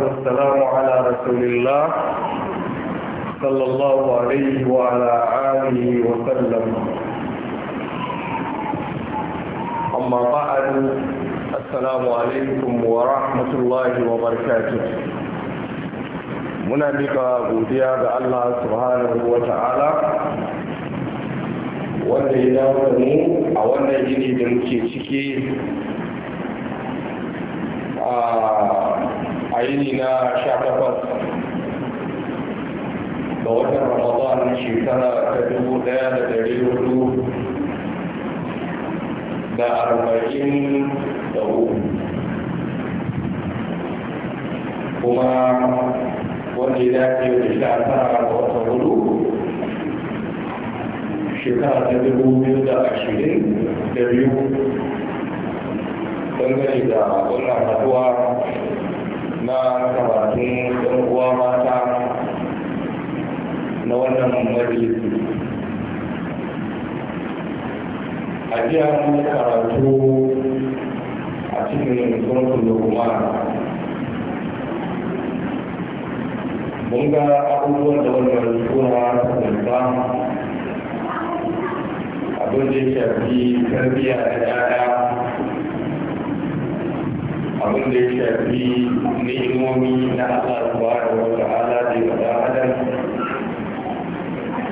والسلام على رسول الله صلى الله عليه وعلى آله وسلم أما بعد السلام عليكم ورحمة الله وبركاته muna mika godiya ga Allah subhanahu wa ta'ala wanda ya dawo mu a wannan yini da muke ciki a a yini na sha takwas ga watan ramadan shekara ta dubu daya da dari hudu da arba'in da uku kuma wanda ya dace da sha tara ga watan hudu shekara ta dubu biyu da ashirin da biyu dangane da wannan haduwa na karatun ɗan uwa mata na wannan majalisi a jiya mun karatu a cikin sunan lokumana mun ga abubuwan da wannan sura ta kunsa abin da ya shafi tarbiyya da 'ya'ya abin da ya shafi ni'imomi na Allah subhanahu wa ta'ala da ya da adam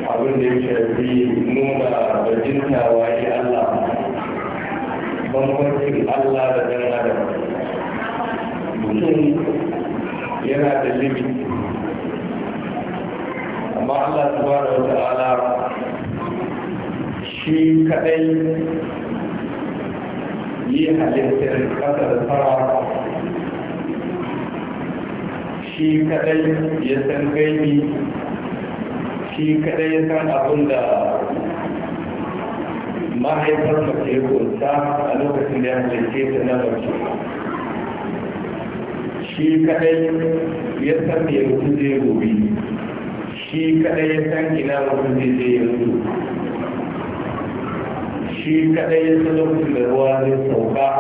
abin da ya shafi nuna da bajinta waye Allah bambancin Allah da dan adam mutum yana da limit amma Allah subhanahu wa ta'ala shi kadai yi halittar ƙasar fara shi kadai ya san gaibi shi kadai ya san abin da mahaifar mace ya kunsa a lokacin da ya halitta ta na mace shi kadai ya san me mutum zai gobe shi kadai ya san ina mutum zai zai yanzu shi kadai ya san lokacin da ruwa zai sauka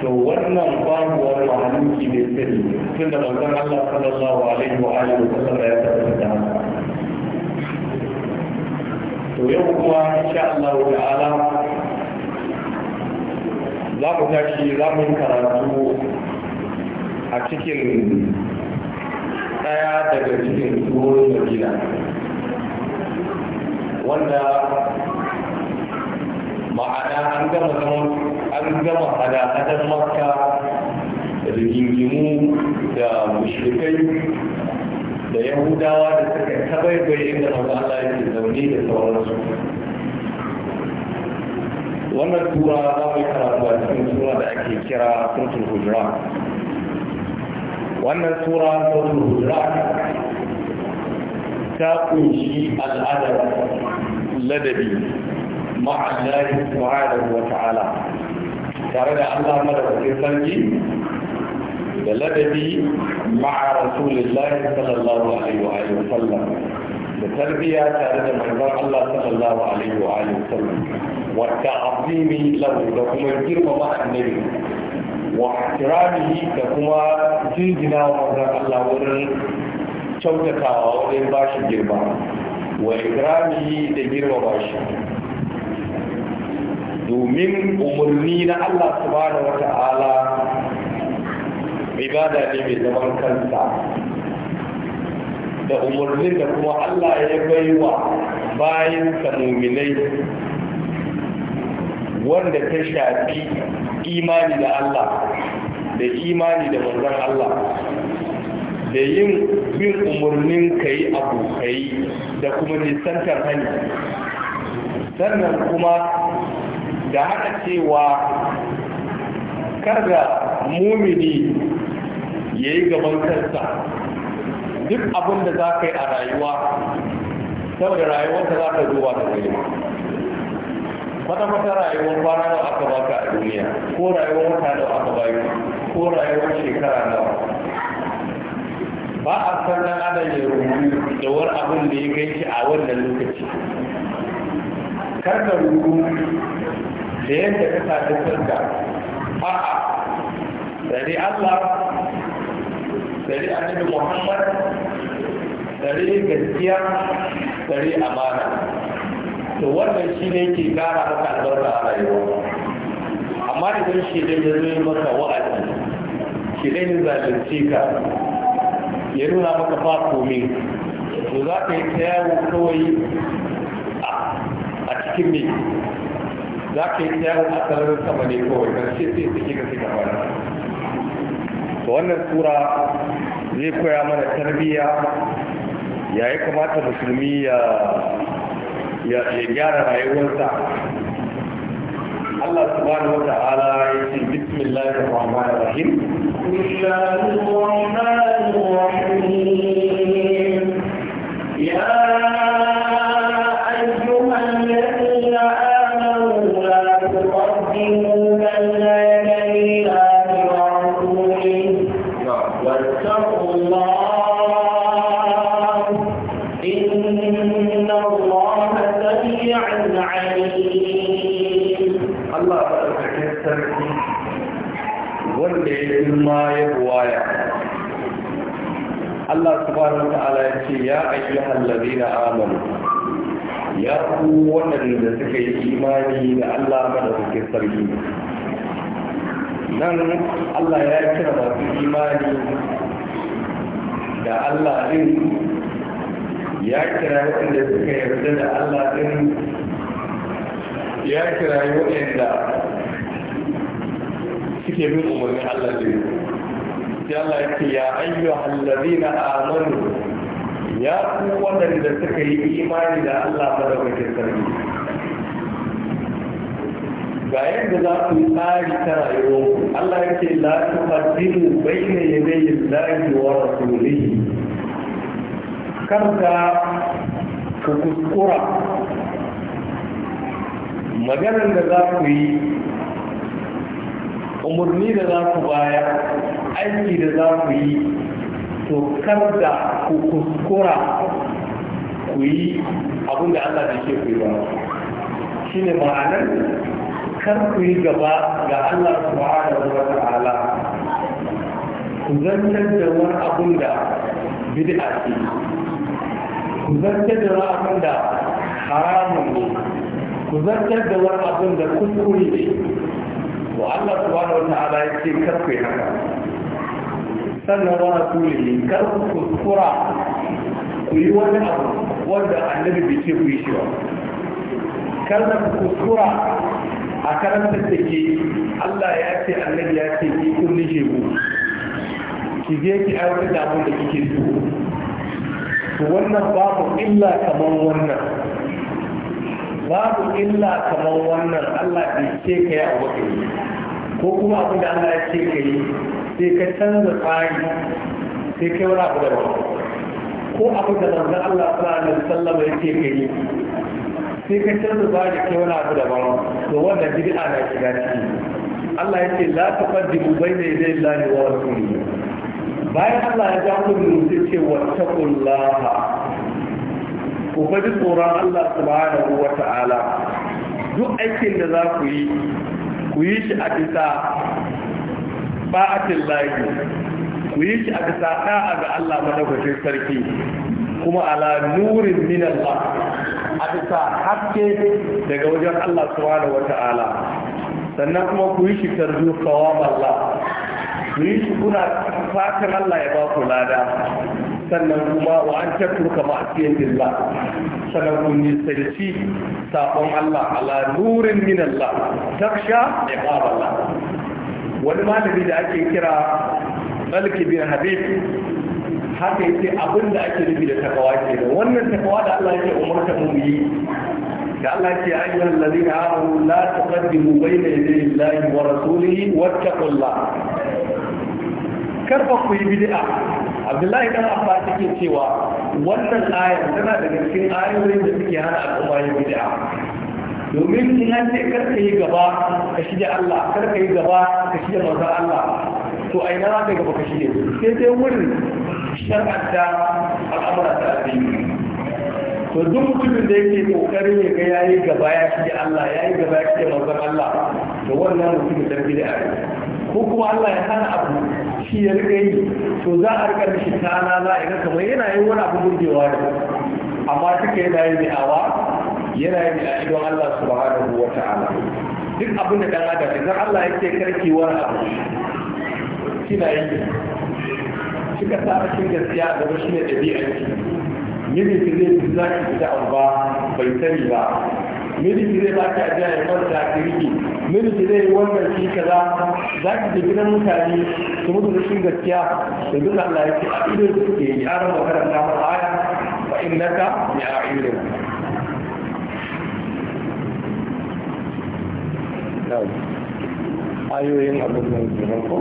to wannan babu wani mahaluki da sirri tun da manzon Allah sallallahu alaihi wa alihi wa sallam ya tabbata haka to yau kuma insha Allah ta'ala za mu tashi za mu yi karatu a cikin daya daga cikin tsohon madina wanda ma'ana an gama zaman an gama hada-hadar makka da rigingimu da mushrikai da yahudawa da suka tabaibaye inda maza Allah yake zaune da sauransu wannan tura za mu yi karatu a cikin tura da ake kira sautul hujra wannan tura sautul hujra ta kunshi al'adar ladabi ma'a Allah subhanahu wa ta'ala tare da Allah madaukakin sarki da ladabi ma'a rasulillahi sallallahu alaihi wa alihi wasallam da tarbiyya tare da manzon Allah sallallahu alaihi wa alihi wasallam wa ta'zimi lahu da kuma girmama annabi wa ihtiramihi da kuma jinjina wa manzon Allah wurin kyautatawa wajen bashi girma wa ikramihi da girmama shi domin umarni na Allah subhanahu wata'ala ibada ne mai zaman kansa da umarnin da kuma Allah ya baiwa bayan muminai wanda ta shafi imani da Allah da imani da manzon Allah da yin bin umarnin ka yi abu ka yi da kuma nisantar hani sannan kuma da haka cewa karga mumini ya yi gaban kansa duk abin da za ka yi a rayuwa saboda rayuwarsa za ka zuwa da kai mata mata rayuwar kwana da aka baka a duniya ko rayuwar wata da aka bayu ko rayuwar shekara nawa ba a san dan adam ya rubu da war abin da ya gaishe a wannan lokaci kar ka rubu da yadda ka sami a a dari Allah dari annabi Muhammad dari gaskiya dari amana to wannan shi ne ke gara maka albarka a rayuwa amma idan shi dai ya zo maka wa'azi shi dai ya zalunce ka ya nuna maka ba komi, to za ka yi ta yawo kawai a cikin mai za ka yi tsayar a tsararin sama ne kawai ga ce sai su ke gasi gaba da su wannan tura zai koya mana tarbiyya ya yi kamata musulmi ya ya gyara rayuwarsa Allah subhanahu wa ta'ala ya ce bismillahir rahmanir rahim inna lillahi wa inna ilayhi raji'un ya ayyuhal amanu ya ku waɗanda suka yi imani da Allah da madaukakin sarki nan Allah ya kira masu imani da Allah din ya kira waɗanda suka yarda da Allah din ya kira waɗanda suke bin umarnin Allah din sai Allah ya ce ya ayyuhal ladina amanu ya ku waɗanda suka yi imani da Allah madaukakin sarki ga yadda za ku yi tsari ta rayuwa Allah yake la tuqaddimu bayna yadayi Allahi wa rasulihi karka ku kuskura maganar da za ku yi umarni da za ku baya aiki da za ku yi to kar da. ku kuskura ku yi abin da Allah da ke kuwa ba shi ne ma'anar kan ku yi gaba ga Allah ma'ana zuwa ta'ala ku zantar da wani abin da a ce ku zantar da wani abin da haramun ne ku zartar da wani abin da kuskure ne wa Allah ma'ana wata ta'ala ya ce kan ku yi haka sannan wa rasulihi kar ku kuskura ku yi wani abu wanda annabi bai ce ku yi shi ba kar ku kuskura a karanta da ke Allah ya ce annabi ya ce ki kun nishe ku ki je ki aiwatar da abin da kike so to wannan babu illa kamar wannan babu illa kamar wannan Allah bai ce ka yi abu ko kuma abin da Allah ya ce ka yi sai ka canza tsari sai kai wani abu daban ko abu da zanzan Allah sallallahu alaihi wasallam yake kai sai ka canza tsari kai wani abu daban to wannan bid'a na shiga ciki Allah ce la taqaddimu bayna yaday Allahi wa rasulihi bayan Allah ya ja ku sai ce wattaqullaha ku faɗi tsoron Allah subhanahu wa ta'ala duk aikin da za ku yi ku yi shi a bisa ba'atin lahi ku yi shi a bisa da'a ga Allah madaukakin sarki kuma ala nurin min Allah a bisa haske daga wajen Allah subhanahu wata'ala sannan kuma ku yi shi tarzu sawab Allah ku yi shi kuna fatan Allah ya ba ku lada sannan kuma wa an tattuka ma'asiyatin Allah sannan kun yi sarki sabon Allah ala nurin min Allah taksha iqab Allah wani malami da ake kira tsalki bin habib haka yace abin da ake nufi da takawa ke wannan takawa da Allah yake umarta mu yi da Allah yake ayyuhal lalina amanu la tuqaddimu bayna yaday Allahi wa rasulihi wattaqullah karfa ku yi bid'a Abdullahi dan Abba take cewa wannan ayar tana daga cikin ayoyin da suke hana al'umma yin bid'a domin in an ce kar ka yi gaba ka shige Allah kar ka yi gaba ka shige manzon Allah to a na za ka gaba ka shige sai sai wurin shar'anta al'amura ta addini to duk mutumin da yake kokarin ya ga yayi gaba ya shige Allah yayi gaba ya shige manzon Allah to wannan mutum da bi da ko kuma Allah ya hana abu shi ya rika yi to za a rika mishi tana za a ga kamar yana yin wani abu burgewa da amma take yana yi da'awa yana yi a idon Allah subhanahu wa ta'ala duk abin da dan adam idan Allah yake karkewar abu kina yi shi ka sa cikin gaskiya da shi ne dabi'a miji ki zai fi za ki fita ba bai sani ba miji ki zai ba ki ajiya ya kwanta a kirki miji ki zai wannan shi kaza za ki je gidan mutane su mutu rashin gaskiya da duk Allah ya ce a ido suke yaran makaranta masa aya fa innaka ya a'idun na ayoyin abin da kenan ko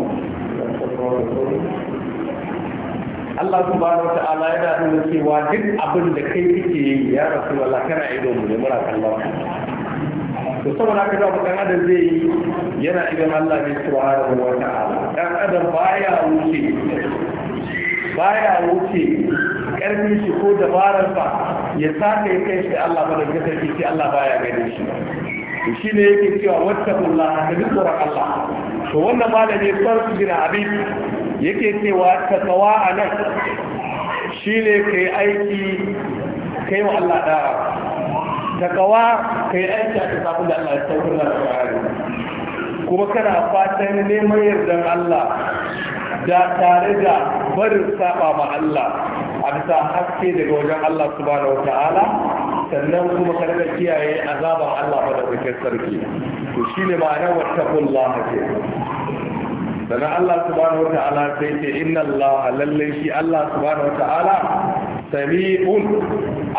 Allah subhanahu wata'ala yana nuna cewa duk abin da kai kake yi ya rasu wala kana ido mu ne mura kallon to saboda haka zaku dan adam zai yi yana idan Allah ne subhanahu wata'ala dan adam baya wuce baya wuce karfin shi ko dabarar fa ya sake kai shi Allah madaukakin sarki Allah baya gani shi to shi ne yake cewa wata kula da duk Allah to wannan malami sarfi gina abin yake cewa ta tsawa a nan shi ne ka yi aiki ka yi wa Allah da ta kawa ka yi aiki a kasafin da Allah ya saukar da alƙur'ani kuma kana fatan neman yardan Allah da tare da barin saba ma Allah a bisa haske daga wajen Allah subhanahu wa ta'ala sannan kuma karka kiyaye azaban Allah ba da kuke sarki shi ne ma'ana wattaqullaha ke sannan Allah subhanahu Ta'ala sai ce inna Allah lalle shi Allah subhanahu wata'ala sami'un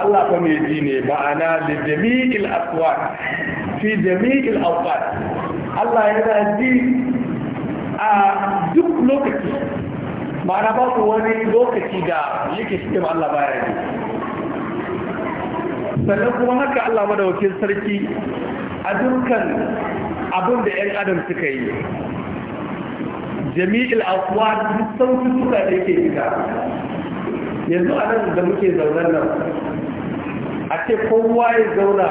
Allah fa mai ji ne ma'ana da jami'il aswat fi jami'il awqat Allah yana ji a duk lokaci ma'ana ba ku wani lokaci da yake cikin Allah baya ji sannan kuma haka Allah madawakin sarki a dukkan abin da 'yan adam suka yi jami'il aswad duk sauki suka da yake shiga yanzu a nan da muke zaunan nan a ce kowa ya zauna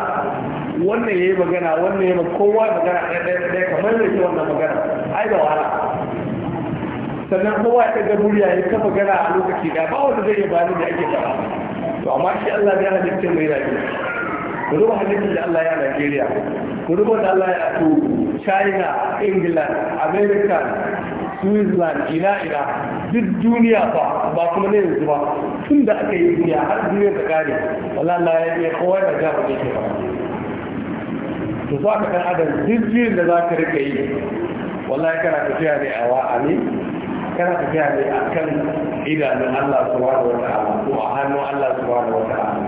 wannan ya yi magana wannan ya kowa ya magana ɗaya kamar da ke wannan magana ai da wahala sannan kowa ya ɗaga murya ya ta magana a lokaci ɗaya ba wanda zai iya bayanin da ake faɗa to amma shi Allah ya halitta mai rafi ku duba halittar da Allah ya Najeriya ku duba da Allah ya ku China England America Switzerland ina ina duk duniya ba ba kuma ne yanzu ba tun da aka yi duniya har duniya ta kare Allah Allah ya yi kowa da ja ba ke ba to za ka dan adam duk da za ka rika yi wallahi kana tafiya ne a wa'ani kana tafiya ne a kan idanun Allah subhanahu da ta'ala ko a hannun Allah subhanahu da ta'ala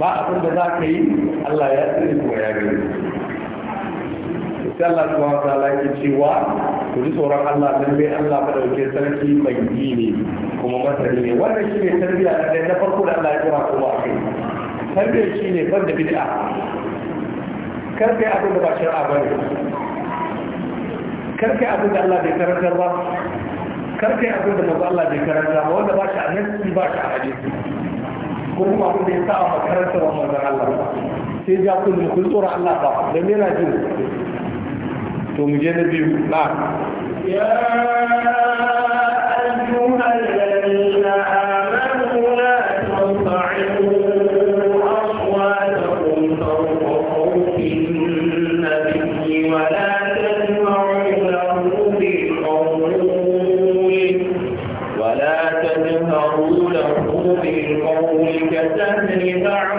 ba abin da za ka yi Allah ya tsiri kuma ya gani sai Allah subhanahu wa ta'ala ke cewa ku ji tsoron Allah dan bai Allah ba dauke sarki mai yi ne kuma masani ne wannan shi ne tarbiyya da na farko da Allah ya kira kuma a kai tarbiyya ban da bid'a kar kai abin da ba shar'a bane karkai abin da Allah bai karantar ba karkai abin da mazu Allah bai karanta ba wanda ba shi a nan ba shi a hadisi ko kuma abin da ya sa a makarantar wa manzan Allah sai ja kun kun tsoron Allah ba don yana jin to mu je na biyu na ya ayyuhal ladina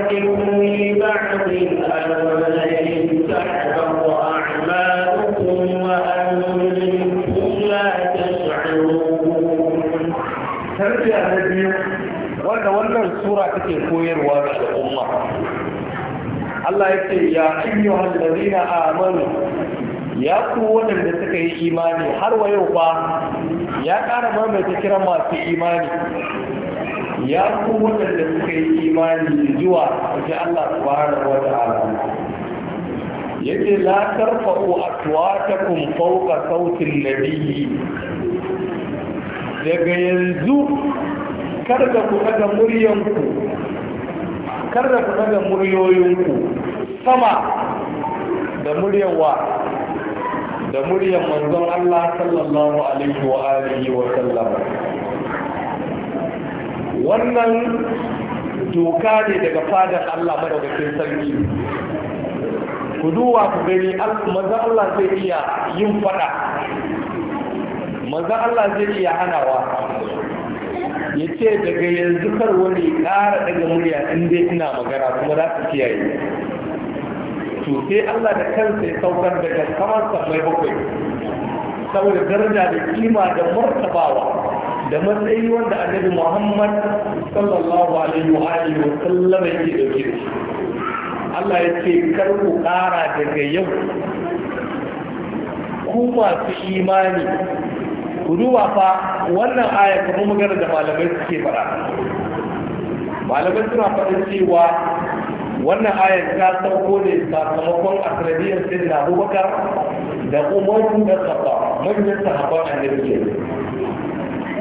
take koyarwa ga al'umma Allah ya ce ya ayyuhal ladina amanu ya ku waɗanda suka yi imani har wa yau ba ya ƙara maimaita kiran masu imani ya ku waɗanda suka yi imani zuwa ji Allah subhanahu wa ta'ala yake la tarfa'u aswatakum fawqa sautin nabiyyi daga yanzu karda ku daga muryanku karda ku daga muryoyinku sama da muryan wa da muryan manzon Allah sallallahu alaihi wa alihi wa sallam wannan doka ne daga fadar Allah kai sarki ku duwa ku gani maza Allah zai iya yin fada maza Allah zai iya hanawa ya ce daga yanzu kar wani ƙara daga murya in ina magana kuma za su kiyaye to sai Allah da kansa ya saukar daga kamar mai bakwai saboda daraja da kima da martabawa da matsayi wanda annabi muhammad sallallahu alaihi wa alihi wa sallam yake dauke da shi Allah ya ce kar ku kara daga yau ku masu imani ku duba fa wannan aya kamar magana da malamai suke fara. malamai suna faɗin cewa wannan ayar ta sauko ne sakamakon asirabiyar sai da abubakar da umar da kafa manyan sahabban annabi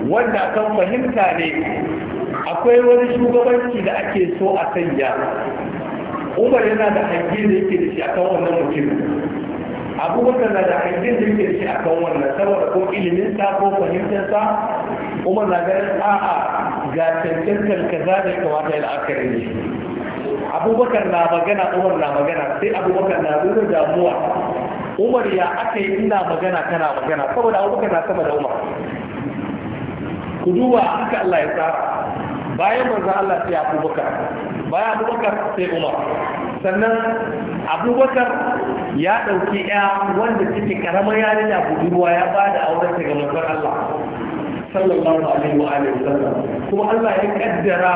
wanda kan fahimta ne akwai wani shugabanci da ake so a sanya umar yana da hangi da yake da shi a kan wannan mutum abubakar na da hangi da yake da shi a kan wannan saboda ko ilimin sa ko fahimtarsa umar na ganin a'a ga cancantar za da ya kamata ya la'akari ne abubakar na magana umar na magana sai abubakar na nuna damuwa umar ya aka yi ina magana kana magana saboda abubakar na sama da umar ku duba haka Allah ya tsara bayan manzo Allah sai Abubakar bayan Abubakar sai Umar sannan Abubakar ya ɗauki ya wanda take karamar yarinya budurwa ya ba da auren ta ga manzon Allah sallallahu alaihi wa alihi wasallam kuma Allah ya kaddara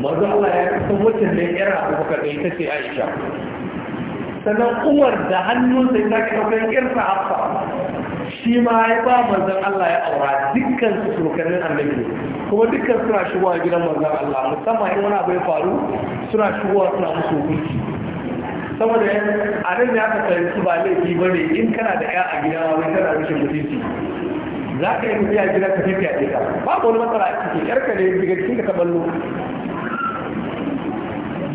manzo Allah ya san wacce ne yar Abubakar da ita ce Aisha sannan Umar da hannunsa ya sake ɗaukar irsa Hafsa shi ma ya ba manzan Allah ya aura dukkan su surukannin annabi kuma dukkan suna shigowa gidan manzan Allah musamman in wani abu ya faru suna shigowa suna musu hukunci saboda a nan ne aka su ba laifi ba ne in kana da ya a gida wani kana rashin mutunci za ka yi tafiya gidan ka tafiya ɗaya babu wani matsala a ciki yarka ne daga cikin ka ballo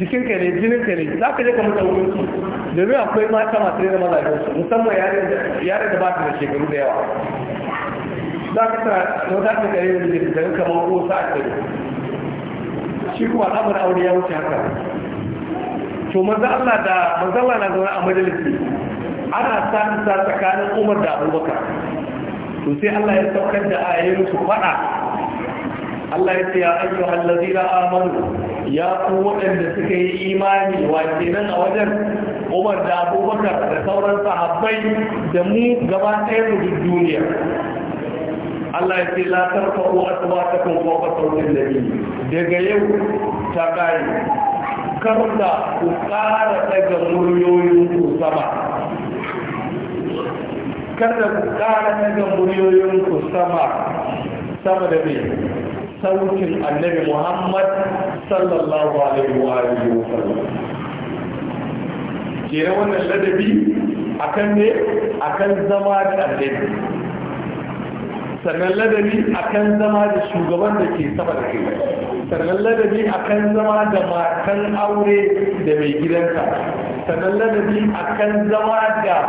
jikinka ne jininka ne za ka je ka mutu hukunci domin akwai mata masu rena mazajensu musamman yare da ba ta da shekaru da yawa za ka tara da wata ta kare da jikin da kamar ko sa a kare shi kuma al'amur aure ya wuce haka to maza Allah da maza Allah na zaune a majalisi ana samun sa tsakanin Umar da Abubakar to sai Allah ya saukar da ayoyin su fada Allah ya ce ya ayyuhal ladina amanu ya ku waɗanda suka yi imani wa kenan a wajen umar da abubakar da sauran sahabbai da mu gaba ɗaya mu duniya Allah ya ce la tarfa'u aswatakum fawqa sawtin nabi daga yau ta kai karda ku ƙara daga muryoyin ku sama kada ku ƙara daga muryoyin ku sama sama da me sautin annabi muhammad sallallahu alaihi wa alihi wa sallam wannan ladabi akan ne akan zama da annabi sannan ladabi akan zama da shugaban da ke sama da kai sannan ladabi akan zama da matan aure da mai gidanka sannan ladabi akan zama da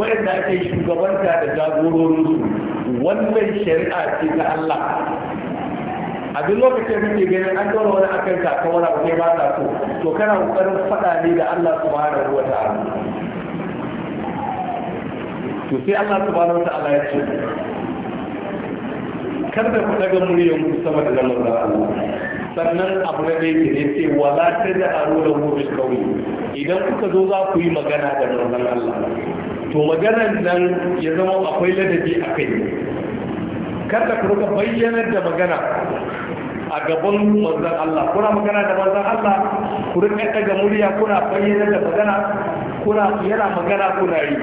waɗanda ake shugabanta da jagororinsu wannan shari'a ce ta Allah a duk lokacin da kake ganin an dora wani akan ka ka wani abu ne ba ka so to kana kokarin faɗa ne da Allah subhanahu wa ta'ala to sai Allah subhanahu wa ta'ala ya ce kada ku daga muryan ku sama da lamar da Allah sannan abu na dai ne sai wala ta da aro da gobe kauye idan kuka zo za ku yi magana da manzon Allah to maganar nan ya zama akwai ladabi a kai kada ku ruka bayyanar da magana a gaban manzan Allah kuna magana da manzan Allah ku rika daga murya kuna bayyanar da magana kuna yana magana kuna yi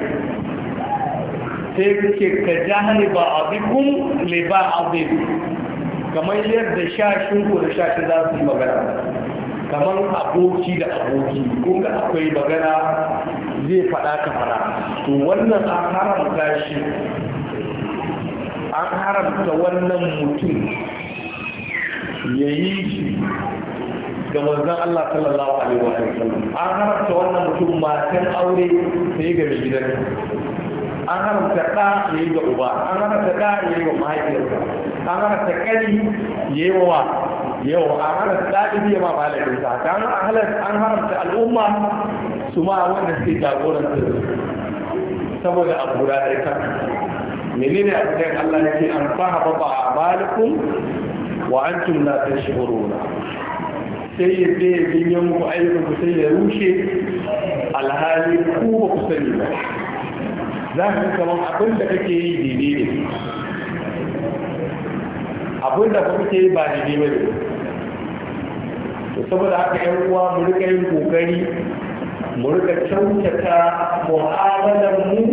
sai kuke ka jahali ba abikun le ba abin kamar yadda shashin ku da shashin za su yi magana kamar aboki da aboki ga akwai magana zai faɗa ka fara? to wannan an haramta shi an haramta wannan mutum ya yi shi ga manzan Allah sallallahu alaihi wasallam an haramta wannan mutum matan aure ta yi ga mai gidan an haramta ɗa ya yi ga uba an haramta ɗa ya yi wa mahaifiyarsa an haramta ƙari ya yi wa yau an haramta ɗaɗi ya ma malaminsa an haramta al'umma su ma wanda suke jagorantar saboda abu da ɗaya menene a cikin Allah yake an fara ba a balikun wa an tumla ta shiguruna sai ya ce ya jinyar muku ayyukan ku sai ya rushe alhali ku ba ku sani ba za ka kamar abin da kake yi daidai ne abin da kuma yi ba daidai ba ne to saboda haka yan uwa mu rika yin kokari mu rika kyautata mu'amalar mu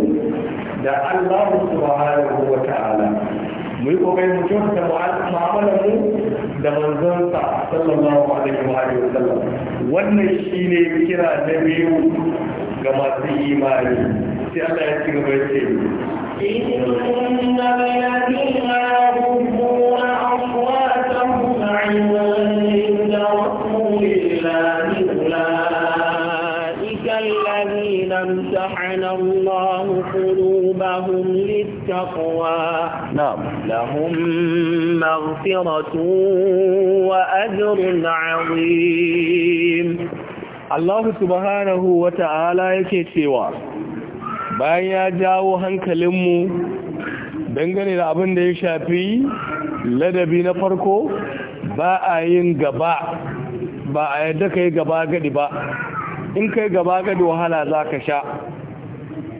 da Allah subhanahu wa ta'ala mu yi kokarin mu kyauta mu'amalar mu da manzon sa sallallahu alaihi wa alihi wasallam wannan shine kira na biyu ga masu imani sai Allah ya ci gaba ya ce إن الذين يغضون أصواتهم عند الذين امتحن الله قلوبهم للتقوى نعم لهم مغفرة وأجر عظيم الله سبحانه وتعالى يكتوى بايا جاو هنك لمو dangane لابن دي شابي ya shafi ladabi na farko ba a yin gaba ba a yadda ka yi gaba gadi ba in kai gaba gadi wahala za ka sha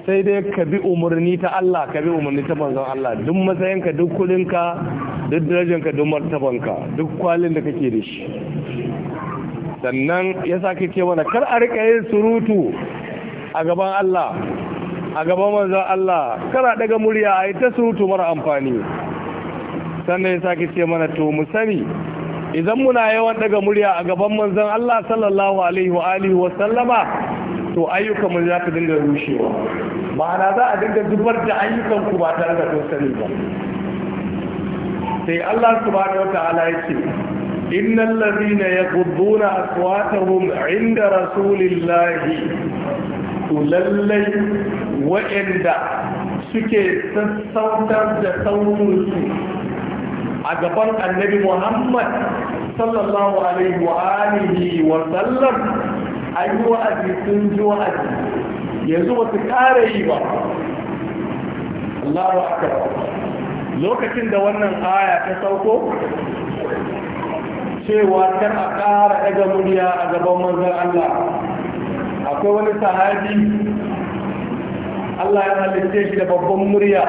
sai dai ka bi umarni ta Allah ka bi umarni ta banzan Allah duk matsayinka duk kudinka duk darajinka, duk martabanka duk kwalin da kake da shi sannan ya ke ce mana kar a rika yin surutu a gaban Allah a gaban manzan Allah kar daga murya a yi ta surutu mara amfani sannan ya sa ke ce mana to mu sani idan muna yawan daga murya a gaban manzon Allah sallallahu alaihi wa alihi wa sallama to ayyukan mu za ka dinga rushewa ma'ana za a dinga zubar da ayyukan ku ba tare da kun sani ba sai Allah subhanahu wata'ala yake innal ladhina yaghudduna aswatahum 'inda rasulillahi to lallai wa'anda suke sassautar da saurinsu a gaban annabi muhammad sallallahu alaihi wa alihi wa sallam an yi wa'azi sun ji wa'azi yanzu ba su kare yi ba Allahu akbar lokacin da wannan aya ta sauko cewa kar a ƙara daga murya a gaban manzon Allah akwai wani sahabi Allah ya halitta shi da babban murya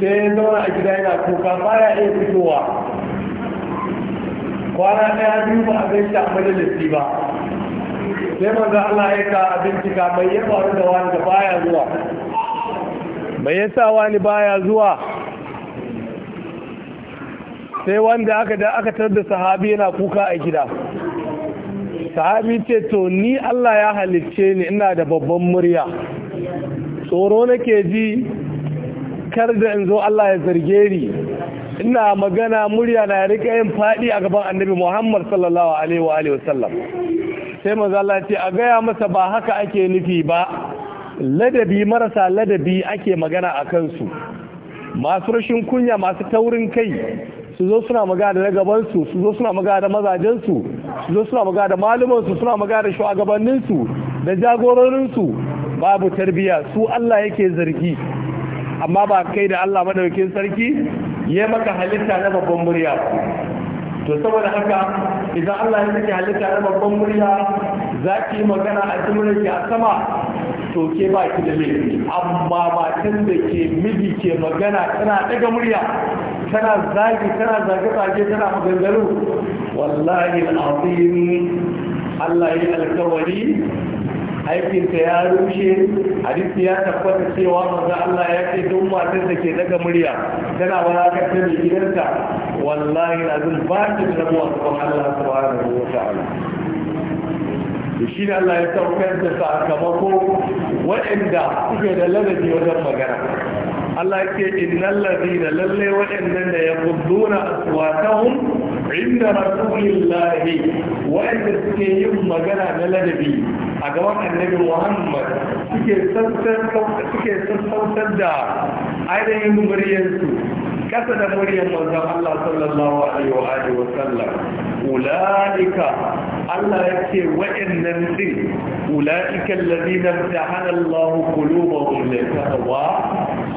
sai ya zauna a gida yana kuka baya iya fitowa kwana ɗaya biyu ba a gaishe a majalisi ba sai manzo Allah ya ka bincika mai ya faru da wani da baya zuwa mai yasa wani baya zuwa sai wanda aka da aka tar da sahabi yana kuka a gida sahabi ce to ni Allah ya halicce ni ina da babban murya tsoro nake ji kar da in zo Allah ya zarge ni ina magana murya na rika yin faɗi a gaban annabi Muhammad sallallahu alaihi wa alihi wasallam sai manzo Allah ce a gaya masa ba haka ake nufi ba ladabi marasa ladabi ake magana a kansu masu rashin kunya masu taurin kai su zo suna magana da gaban su su zo suna magana da mazajen su su zo suna magana da malaman su suna magana da shugabannin su da jagororin su babu tarbiya su Allah yake zargi amma ba kai da Allah madaukakin sarki ya maka halitta na babban murya to saboda haka idan Allah ya saki halitta na babban murya za ki yi magana a cikin ke a sama to ke ba ki da laifi amma matan da ke miji ke magana tana daga murya tana zagi tana zage-zage tana maganganu wallahi al'azim Allah ya alkawari aikinta ya rushe hadisi ya tabbata cewa manzo Allah ya ce duk matar da ke daga murya tana za ka gidanta wallahi lazim ba ki da rabuwa Allah subhanahu wa ta'ala da shi da Allah ya saukar da sakamako waɗanda suke da ladabi wajen magana Allah ya ce innal ladina lalle waɗannan da yaqduna aswatahum inda rasulillahi wa'anda suke yin magana na ladabi a gaban annabi muhammad suke sassautar da ainihin muryarsu kasa da muryar manzon allah sallallahu alaihi wa wa sallam ulaika allah yake wa'annan din ulaika alladhina ta'ala allah qulubahum lil taqwa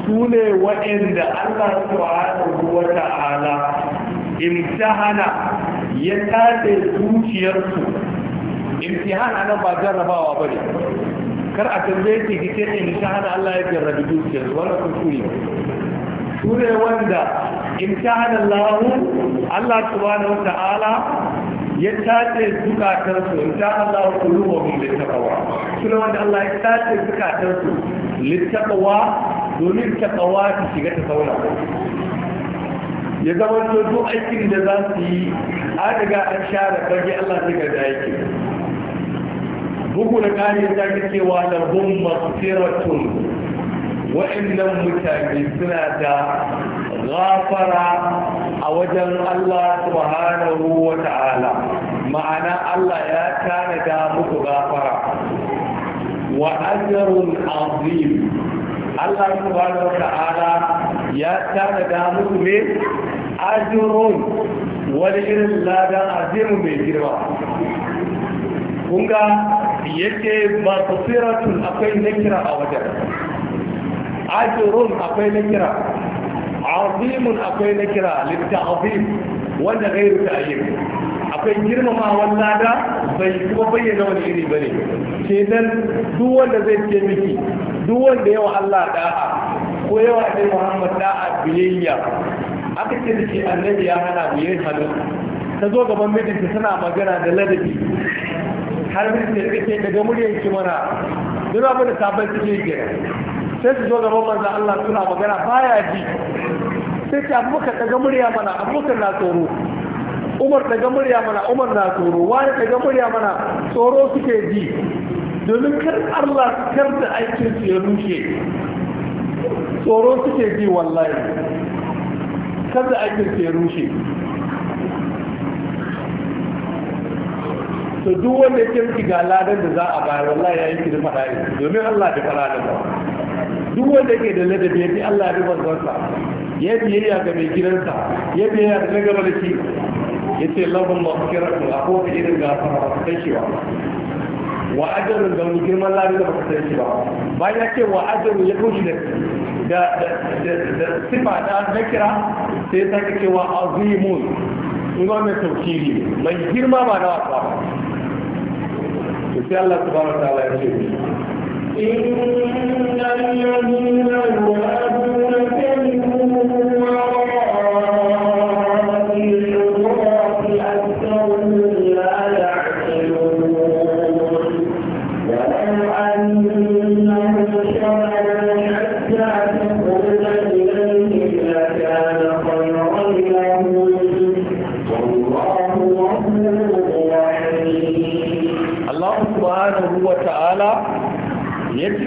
sune wa'anda allah ta'ala imtihana ya tace zuciyarsu imtihana nan ba jarrabawa ba ne kar a canza yake kike imtihana Allah ya jarrabi zuciyarsu wannan shuri shure wanda imtihana Allah Allah subhanahu ta'ala ya tace zukatarsu imtihana Allah qulubuhum littaqwa shure wanda Allah ya tace zukatarsu littaqwa domin taqwa ta shiga ta sauna ya zama to aikin da za su yi an riga an share fage Allah daga gaza yake bugu da kare ta ke cewa da bun mafiratun wa'annan mutane suna da gafara a wajen Allah subhanahu wa ta'ala ma'ana Allah ya tanada muku gafara wa ajrun azim Allah subhanahu wa ta'ala ya tana da musu ne ajrun wani irin ladan azimu mai girma kunga yake ba tasiratun akwai nakira a wajen ajrun akwai na kira, azimun akwai na nakira litta'zim wanda gairu ta'yib akwai girmamawan lada bai kuma bayyana wani iri bane kenan duk wanda zai ce miki duk wanda yawa Allah da'a ko yawa sai Muhammad da'a biyayya aka ce da shi annabi ya hana mu yin halin ta zo gaban mijinta tana magana da ladabi har mijinta da kake daga muryar ki mana duk abin da sabon suke ke sai su zo gaban manzon Allah suna magana baya ji sai ta muka daga murya mana abokan na tsoro Umar daga murya mana Umar na tsoro wani daga murya mana tsoro suke ji domin kar Allah kar da aikin su ya rushe tsoro suke ji wallahi kar da aikin su ya rushe to duk wanda ya kirki ga ladan da za a bayar wallahi ya yi kiri fada domin Allah da fara da duk wanda ke da ladabi ya fi Allah ya rubar zarsa ya biyayya ga mai gidansa ya biyayya da na gaba da shi ya ce lafin masu kira a kowace irin gafara masu kai ba wa ajarin da wani girman lari da baka sani ba bayan ya ce wa ajarin ya kunshi da sifa da na kira sai ta ke cewa azimun in wani taukiri mai girma ba na wasa ba to sai Allah subhanahu wa ta'ala ya ce إن الذين ينادونك من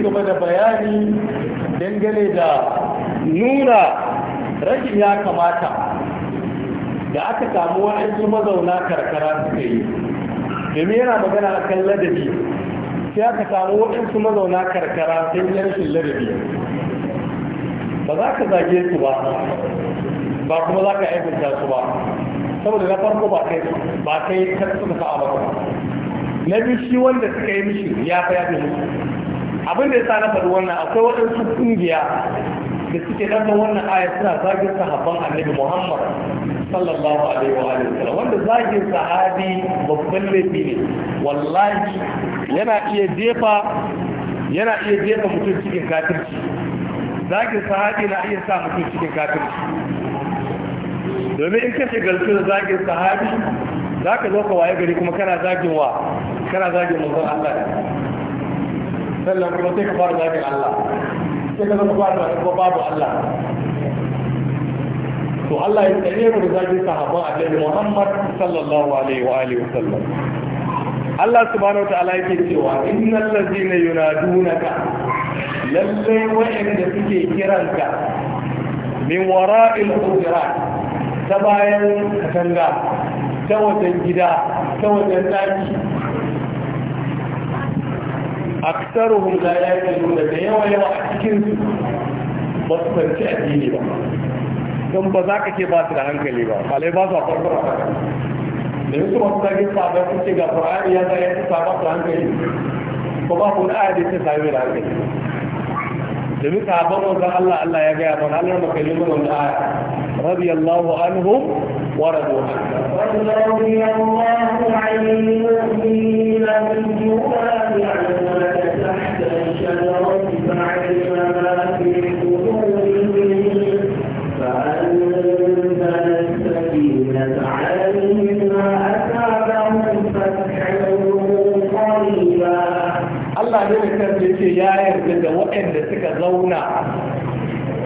game da bayani dangane da nuna rashin ya kamata da aka samu waɗansu mazauna karkara suka yi domin yana magana a kan ladabi sai aka samu waɗansu mazauna karkara sai yi rashin ladabi ba za ka zage su ba ba kuma za ka aibinta su ba saboda na farko ba kai ba kai suka sa'a ba na biyu shi wanda suka yi mishi ya fa ya mutu abin da ya sa na faɗi wannan akwai waɗansu ƙungiya da suke ɗaukar wannan aya suna zagin sahabban annabi muhammad sallallahu alaihi wa alihi wasallam wanda zagin sahabi babban laifi ne wallahi yana iya jefa yana iya jefa mutum cikin kafirci zagin sahabi na iya sa mutum cikin kafirci domin in ka shigaltu da zagin sahabi za ka zo ka waye gari kuma kana zagin wa kana zagin manzon Allah sannan kuma sai ka fara zagin Allah sai ka zama fara zagin kuma babu Allah to Allah ya tsare mu da zagin sahabban Annabi Muhammad sallallahu alaihi wa alihi wasallam Allah subhanahu wataala yake cewa innal ladzina yunadunaka lallai wa'anda suke kiranka min wara'il hujurat ta bayan katanga ta wajen gida ta wajen daki aktaruhum la yaqiluna da yawa yawa a cikin su ba su fahimci addini ba don ba za ka ce ba su da hankali ba alai ba su a farfara da yusuf wasu zagin sabon sun ce ga qur'ani ya zai su saba su hankali Ba ba ku da ayat da ta sami da hankali domin sahabban manzon Allah Allah ya gaya mana Allah maka yi mana wani aya radiyallahu anhu wa radu anhu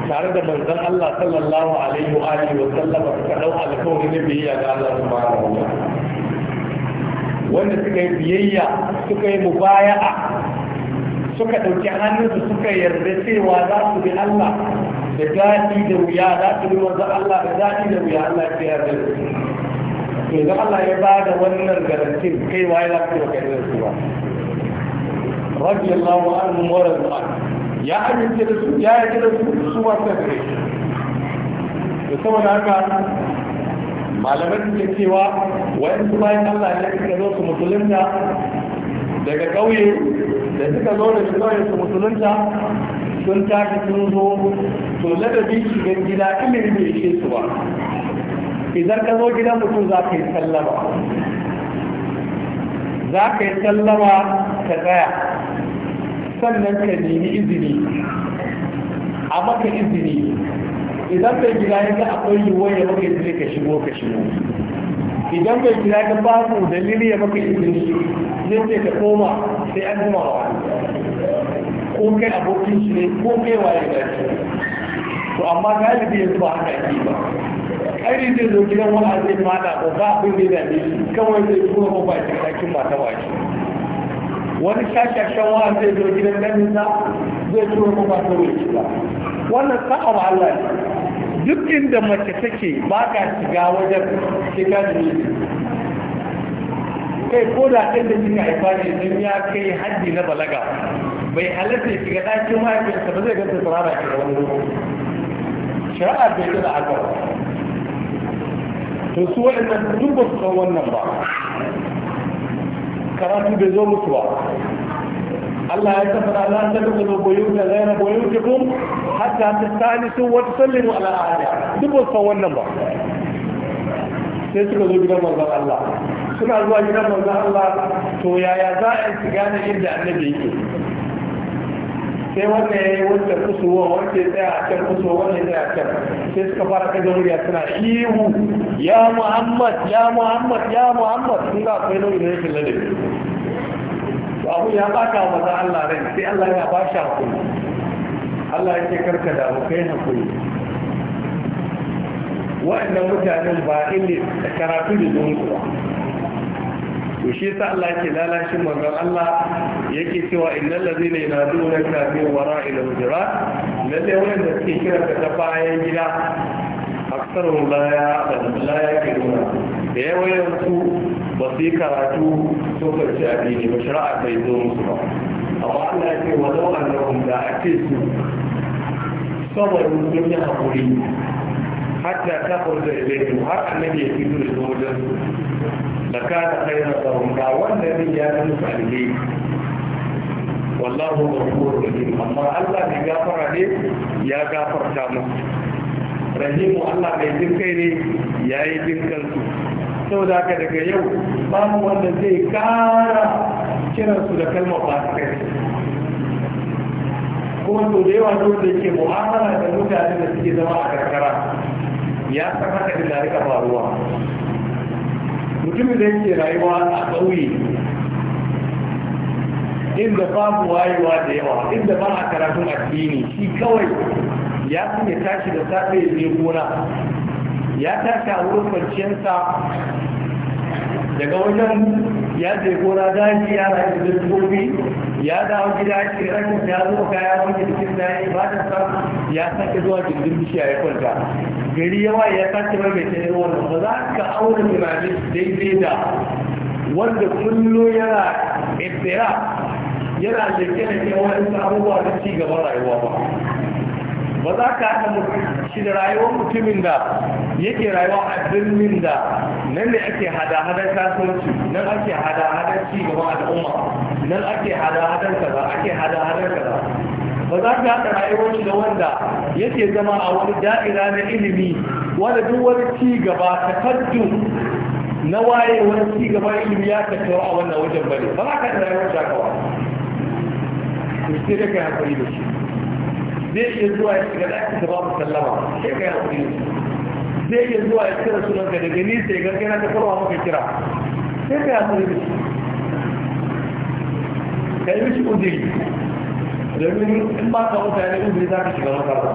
tare da manzon Allah sallallahu alaihi wa alihi wa sallama suka dau alƙawari na biyayya ga Allah subhanahu wa ta'ala wanda suka yi biyayya suka yi mubaya'a suka ɗauki hannunsu suka yarda cewa za su bi Allah da daɗi da wuya za su bi manzo Allah da daɗi da wuya Allah ya yarda da su to idan Allah ya ba da wannan garantin kai waye za ka kai da su ba radiyallahu anhu wa radu ya amince da su ya yarda da su su ta gare shi to saboda haka malamai suke cewa wayan su bayan Allah ne suka zo su musulunta daga ƙauye da suka zo da ƙauye su musulunta sun tashi sun zo to ladabi shigan gida ilimi bai ishe su ba idan ka zo gidan mutum za ka yi sallama za ka yi sallama ka tsaya sannan ka nemi izini a maka izini idan bai gida ya akwai yiwuwa ya maka izini ka shigo ka shigo idan bai gida ka ba su dalili ya maka izini zai ce ka koma sai an zuma wa ko kai abokin shi ne ko kai waye da shi to amma galibi yanzu ba haka ake ba ƙari zai zo gidan wani azai mata ko ba abin da ya dame shi kawai zai tura ko ba shi ɗakin mata ba shi wani shashashen wa zai zo gidan ganin zai tura ko ba ta wuce ba wannan sa'a ba Allah ne duk inda mace take ba ka shiga wajen shiga da ne kai ko da kai da kika haifa ne don ya kai haddi na balaga bai halatta ya shiga ɗakin mahaifinsa ba zai ganta tsara ke da wani shari'a bai da haka to su waɗannan duk ba su san wannan ba karatu bai zo mutuwa ba Allah ya tafara la tadkhulu buyuta ghayra buyutikum hatta tastanisu wa tusallimu ala ahliha duk ba wannan ba sai suka zo gidan manzon Allah suna zuwa gidan manzon Allah to yaya za a yi gane inda annabi yake sai wanda ya yi wanda kusurwa wanda ya tsaya a can kusurwa wanda ya tsaya a can sai suka fara kaga a suna ihu ya muhammad ya muhammad ya muhammad sun ga akwai nau'in rashin ladabi to abu ya baka wa maza Allah rai sai Allah ya ba shi hakuri Allah yake karka da mu kai hakuri wa'annan mutanen ba ilmi da karatu da zuwa to shi yasa Allah ke lalashin manzon Allah yake cewa innal ladina yanadunaka min wara'il hujurat lalle da suke kira da ta bayan gida aksaru la ya la ya kiruna da yawayansu ba su yi karatu so karshe a dini ba shari'a bai zo musu ba amma Allah ya ce wa zau annahum da ake su saboda sun yi haƙuri hatta ta furta ilaihi har annabi ya fito da wajen da ka ta kai na tsaron ga wanda ne ya zama su alheri wallahu ghafurur rahim amma Allah ne gafara ne ya gafarta musu rahimu Allah mai jin kai ne yayi jin kansu saboda ka daga yau babu wanda zai kara kiransu da kalmar fasikai kuma sau da yawa da ke yake mu'amala da mutane da suke zama a karkara ya san haka da rika faruwa mutumin da yake rayuwa a ƙauye inda babu wayewa da yawa inda ba a karatun addini shi kawai ya sun ya tashi da safe ya gona ya tashi a wurin kwanciyarsa daga wajen ya je gona daji ya rayu da ya dawo gida ya ce rakin ya zo ka ya wanke cikin da ya da sa ya sake zuwa jirgin bishiya ya kwanta gari yawa ya sake mai mai tsaye wannan ba za ka aure tunanin daidai da wanda kullo yana iftira yana da ke wani abubuwa na ci gaban rayuwa ba ba za ka haɗa mutum shi da rayuwar mutumin da yake rayuwa a birnin da nan ne ake hada-hadar kasuwanci nan ake hada-hadar ci gaba al'umma nan ake hada-hadar kaza ake hada-hadar kaza ba za ka haɗa rayuwar shi da wanda yake zama a wani da'ira na ilimi wanda duk wani ci gaba takaddu na waye wani ci gaba ilimi ya tattawa a wannan wajen bane ba za ka haɗa rayuwar shi haka ba. Misali kai hakuri da shi. zai iya zuwa ya shiga ɗakin da babu sallama sai ka yi hakuri zai iya zuwa ya kira sunan ka daga nisa ya gangan ka kafarwa maka kira sai ka yi hakuri da shi ka yi mishi uzuri domin in ba ka mutane uzuri za ka shiga makarata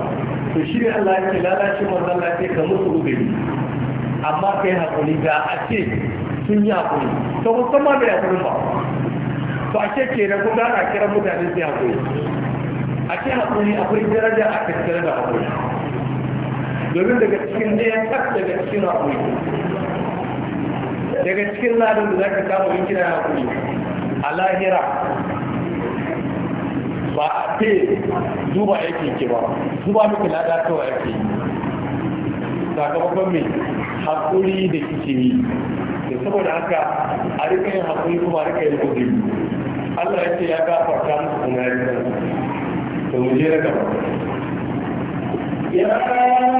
to shi ne Allah ya ce lalace manzon Allah ce ka musu uzuri amma ka yi hakuri da a ce sun yi hakuri to musamman da ya ba to a ce kenan kun gana kiran mutane su yi hakuri a ce haƙuri akwai daraja a tattare da haƙuri domin daga cikin ɗaya kaf daga cikin haƙuri daga cikin ladin da za ka samu yin kira haƙuri a lahira ba a ce zuba yake ke ba zuba miki lada kawai yake sakamakon mai haƙuri da kike yi da saboda haka a rika hakuri haƙuri kuma a rika Allah ya ce ya gafarta musu kuma ya je na gaba. yanzu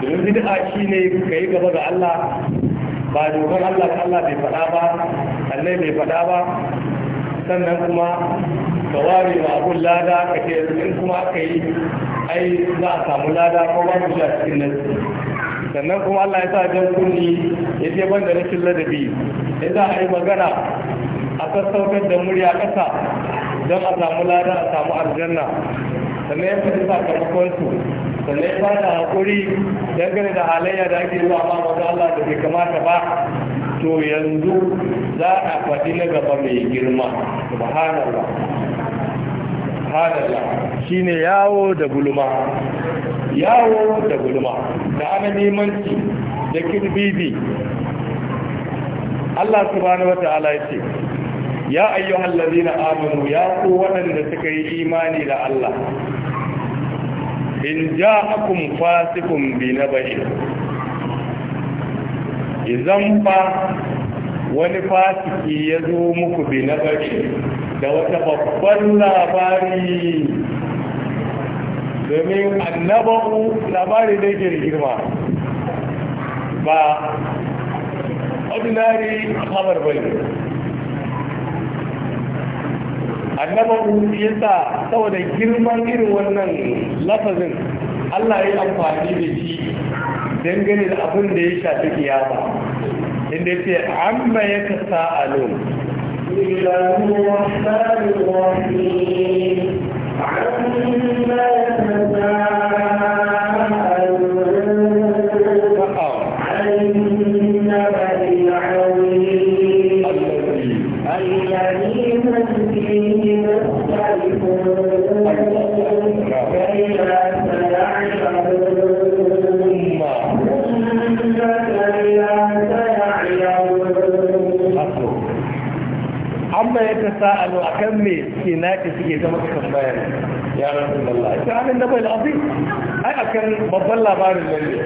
domin bid'a ka yi gaba ga Allah ba domin Allah da Allah bai faɗa ba Allah bai faɗa ba sannan kuma ka ware ma abun lada ka ce in kuma aka yi ai za a samu lada ko ba mu sha cikin nan sannan kuma Allah ya sa jan kunni ya ce ban da rashin ladabi in za a yi magana a sassaukar da murya ƙasa don a samu lada a samu aljanna sannan ya fi sakamakonsu sannan ya fata ya dangane da halayya da ake zuwa ma maza Allah da bai kamata ba to yanzu za a faɗi na gaba mai girma subhanallah subhanallah shine yawo da gulma yawo da gulma da ana nemanci da kirbibi Allah subhanahu wata'ala ya ce ya ayyuhallazina amanu ya ku waɗanda suka yi imani da Allah in ja'akum fasiqun bi naba'in idan fa wani fasiki ya zo muku bi naba'in da wata babban labari domin annaba'u labari da yake girma ba ordinary khabar bane annaban yasa saboda girman irin wannan lafazin Allah ya amfani da shi dangane da abin da ya shafi kiyama inda ya ce amma ya ka sa'alo عما akan me sinaki suke zama ka tambaya ya rasulullah ita hannun da bai azim ai akan babban labarin nan ne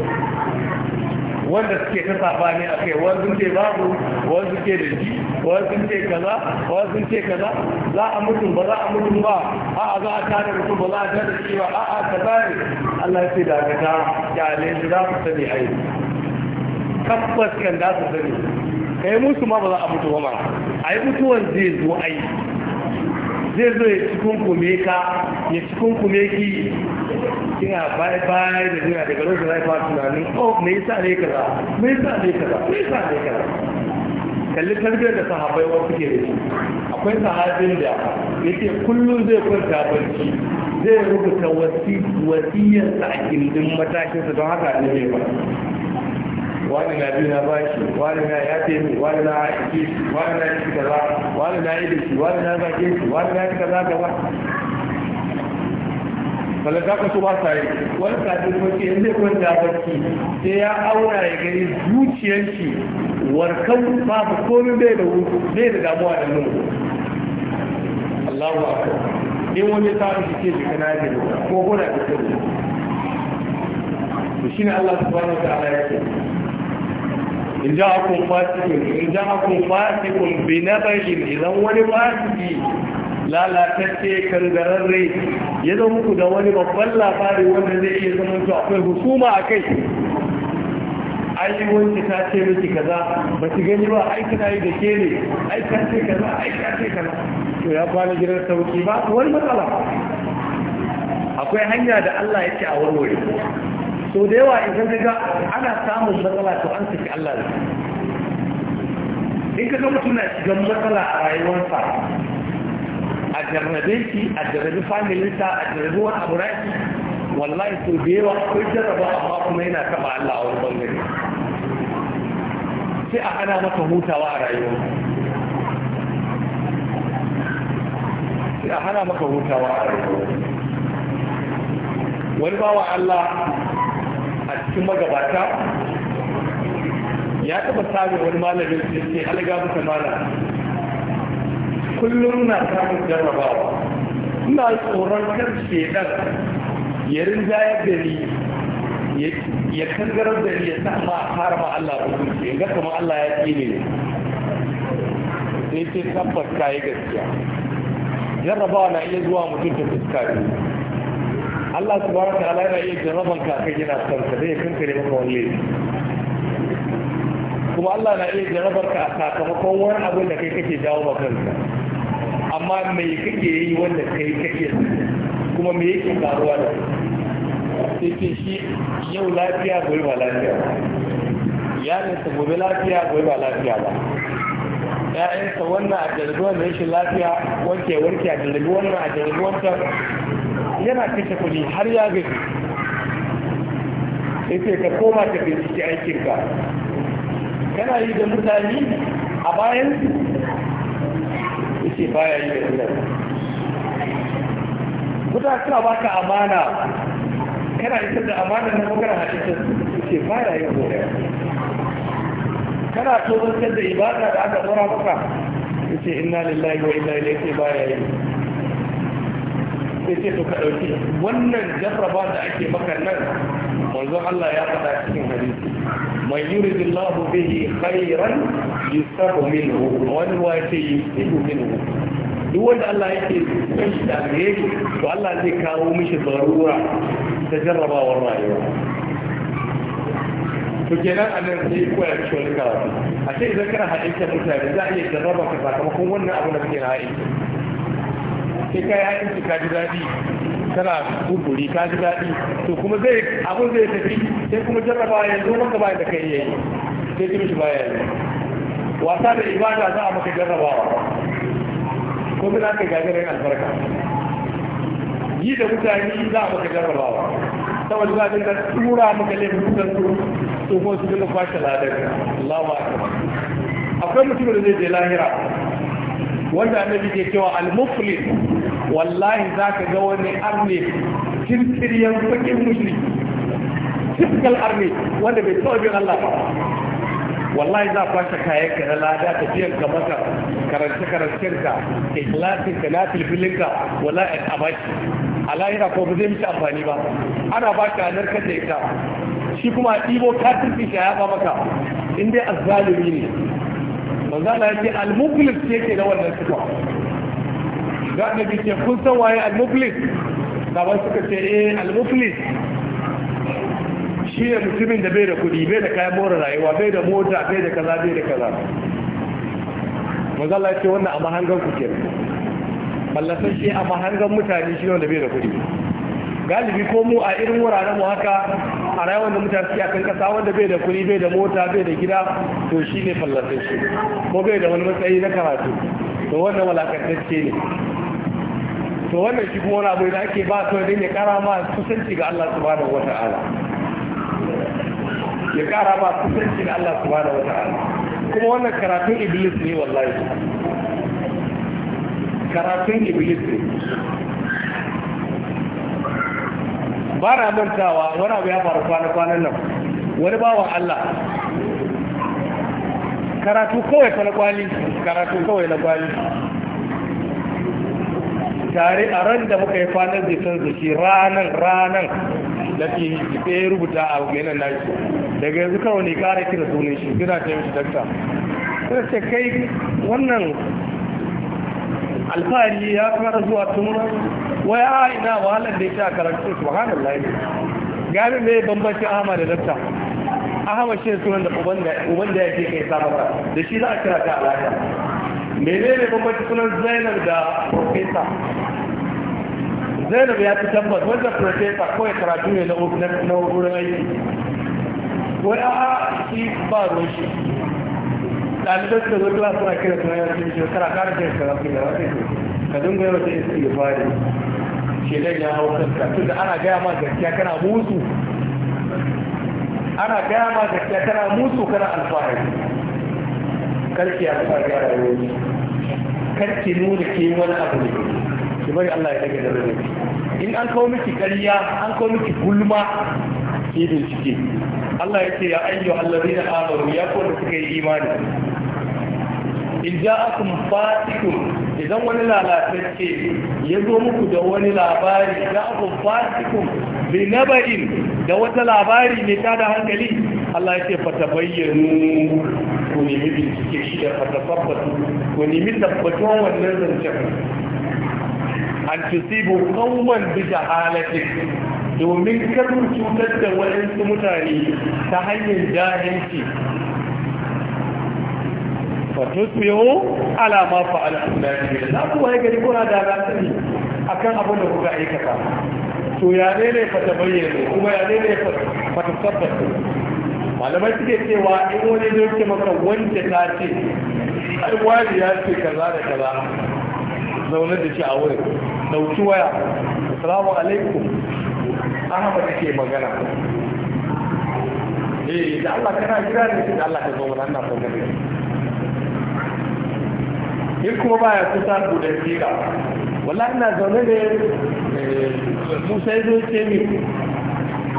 wanda suke ta sabani a kai wanzu ce babu wanzu ke da ji wanzu ce kaza wanzu ce kaza za a mutu ba za a mutu ba a a za a tada mutu ba za a tada shi ba a a kaza ne Allah ya ce da ka ta kyale su za su sani ai tabbas kan da su sani kai musu ma ba za a mutu ba ma ai mutuwan zai zo ai zai zo ya cikin kume ka ya cikin kume ki ina bai bai da jira daga lokacin zai tunanin oh me yasa ne kaza me yasa ne kaza me yasa ne kaza kalli tarbiyyar da sahabai wa suke da shi akwai sahabin da yake kullum zai kwanta barci zai rubuta sa a gindin matashinsa don haka ne mai ba wani na biyu na bashi wani na ya fi mi wani na aiki wani na ciki kaza wani na ido shi wani na zage shi wani na cika kaza gaba Kala za ka so ba sa yi wani kafin mace in zai kwanta barci sai ya aura ya gani zuciyar shi warkan babu komai bai da bai da damuwa da nuna Allahu akbar in wani samun shi ce jikana ne ko kuna da sirri to shine Allah subhanahu wa ta'ala yake in ja akun fasikun in ja akun fasikun bi na bayin idan wani fasiki lalatacce kangararre ya zo muku da wani babban labari wanda zai iya zama akwai husuma a kai ai ta ce miki kaza ba ki gani ba ai kana yi da ke ne ai kaza aikace ta ce kaza to ya kwana gidan sauki ba wani matsala akwai hanya da Allah ya ce a warware so da yawa idan ka ga ana samun matsala to an saki Allah ne in ka ga mutum na shigan matsala a rayuwarsa a jarrabe shi a jarrabe familinsa a jarrabe wani abu raki wallahi so da yawa akwai jarraba amma kuma yana taba Allah a wani bangare sai a hana masa hutawa a rayuwa sai a hana maka hutawa a rayuwa wani bawa Allah cikin magabata ya taba samun wani malamin su ce alaga muka mala kullum na samun jarrabawa ina tsoron kan shekar ya rinjayar da ni ya kangarar da ni ya sa ma fara ma Allah hukunci in gasa kama Allah ya ƙi ne sai sai tabbas yi gaskiya jarrabawa na iya zuwa mutum ta fuska Allah subhanahu wa ta'ala yana iya jarraban ka kai yana son ka zai kankare maka wani kuma Allah na iya jarrabar ka a sakamakon wani abin da kai kake jawo ma kanka amma me kake yi wanda kai kake kuma me yake faruwa da sai ce shi yau lafiya gobe ba lafiya ba yarinsa gobe lafiya gobe ba lafiya ba ya'yansa wannan a jarabi wannan rashin lafiya wanke wanke a jarabuwan wannan a jarabi wancan yana kashe kudi har ya gaji ita ka koma ka binciki aikinka kana yi da mutane a bayan ita baya yi da mutane mutane suna ba ka amana kana isar da amana na magana hadisin ita baya yi da kana tozartar da ibada da aka tsora maka ita inna lillahi wa inna ilaihi baya yi sai sai ka ɗauki wannan jarraba da ake maka nan manzon Allah ya faɗa cikin hadisi man yuridu Allah bihi khairan yusabu minhu wani wa yace yusibu minhu duk wanda Allah yake son da gari to Allah zai kawo mishi zarura ta jarrabawar rayuwa to kenan a nan sai koya cikin karatu a ce idan kana haɗin mutane za a iya jarraba ka sakamakon wannan abu da kake na haɗin sai kai haƙinci ka ji daɗi tana kuburi ka ji daɗi to kuma zai abin zai tafi sai kuma jarraba ya zo maka bayan da kai yayi sai kimishi baya yi wasa da ibada za a maka jarrabawa ko za ka gagarin albarka yi da mutane za a maka jarrabawa saboda za ka tura maka laifin kusan su su kuma su dinga kwashe ladar Allahu akbar akwai mutumin da zai je lahira wanda annabi ke cewa al-muflis wallahi za ka ga wani arne kirkiriyar bakin mushri typical arne wanda bai taɓa bin Allah ba wallahi za kwashe kayan ka na lada tafiyar ka maka karance karancen ka ikhlasin ka na filfilin ka wallahi a baki a lahira ko ba zai mishi amfani ba ana ba ka anar ka ita shi kuma a ɗibo katin shi ya ba maka in dai azzalumi ne manzala ya ce al-muflis yake na wannan sifa da annabi ce kun san waye al-muflis ba suka ce eh al-muflis shi ne mutumin da bai da kudi bai da kayan more rayuwa bai da mota bai da kaza bai da kaza Allah ce wannan a mahangan ku kenan ballasan shi a mahangan mutane shi wanda bai da kudi galibi ko mu a irin wuraren mu haka a rayuwar da mutane suke akan kasa wanda bai da kudi bai da mota bai da gida to shi ne fallasan shi ko bai da wani matsayi na karatu to wannan walakantacce ne to wannan shi kuma wani abu da ake ba su wani ya kara ma kusanci ga Allah subhanahu wa ta'ala ya kara ma kusanci ga Allah subhanahu wa ta'ala kuma wannan karatun iblis ne wallahi karatun iblis ne ba na mantawa wani abu ya faru kwana-kwanan nan wani bawa Allah karatu kawai na kwali karatu kawai na kwali tare a ran da muka yi kwanan da san shi ranan ranan da ke ya rubuta a yanar nashi daga yanzu kawai ne kara kira sunan shi gina ta yi shi dakta sai ce kai wannan alfahari ya fara zuwa tun waya a ina wahalar da ya sha karatu wahalar ne gani mai bambanci ahama da dakta ahama shi sunan da uban da ya ke kai sabata da shi za a kira ta alaƙa menene bambanci sunan zainab da profesa zainab ya fi tabbas wanda profesa kawai karatu ne na wurin aiki wai a shi ba ruwan shi ɗalibai da zo kila suna kira suna yau cikin shekara kara kira shekara su da wata ke ka dinga yau da isi ya fari shedan ya hau kanka tun da ana gaya ma gaskiya kana musu ana gaya ma gaskiya kana musu kana alfahari karki ya fi fari a rayuwa karki nuna ke wani abu ne ki bari Allah ya rage darajar in an kawo miki ƙarya an kawo miki gulma ki bincike Allah ya ce ya ayyu na amanu ya ko da suka yi imani in ja'akum fasiqun idan wani lalatacce ya zo muku da wani labari ja'akum fasiqun bi nabain da wata labari ne ta da hankali Allah ya ce bayyanu ku nemi bincike shi da fatafabbatu ku nemi tabbatuwan wannan zancen an tusibu qauman bi jahalatin domin kar ku cutar da waɗansu mutane ta hanyar jahilci fatusbihu ala ma fa'ala ulati la ku wai gari kuna da rasani akan abin da kuka aikata to ya ne ne fa tabayyana kuma ya ne ne fa tasabbata malamai suke cewa in wani ne yake maka wanda ta ce ai wani ya ce kaza da kaza zaunar da shi a wurin dauki waya Salamu alaikum ahmad ke magana eh da Allah kana jira ne da Allah ka zo mana ina ne. in kuma baya kusa da tsira wallahi ina zaune ne eh, Musa ya zo ce ni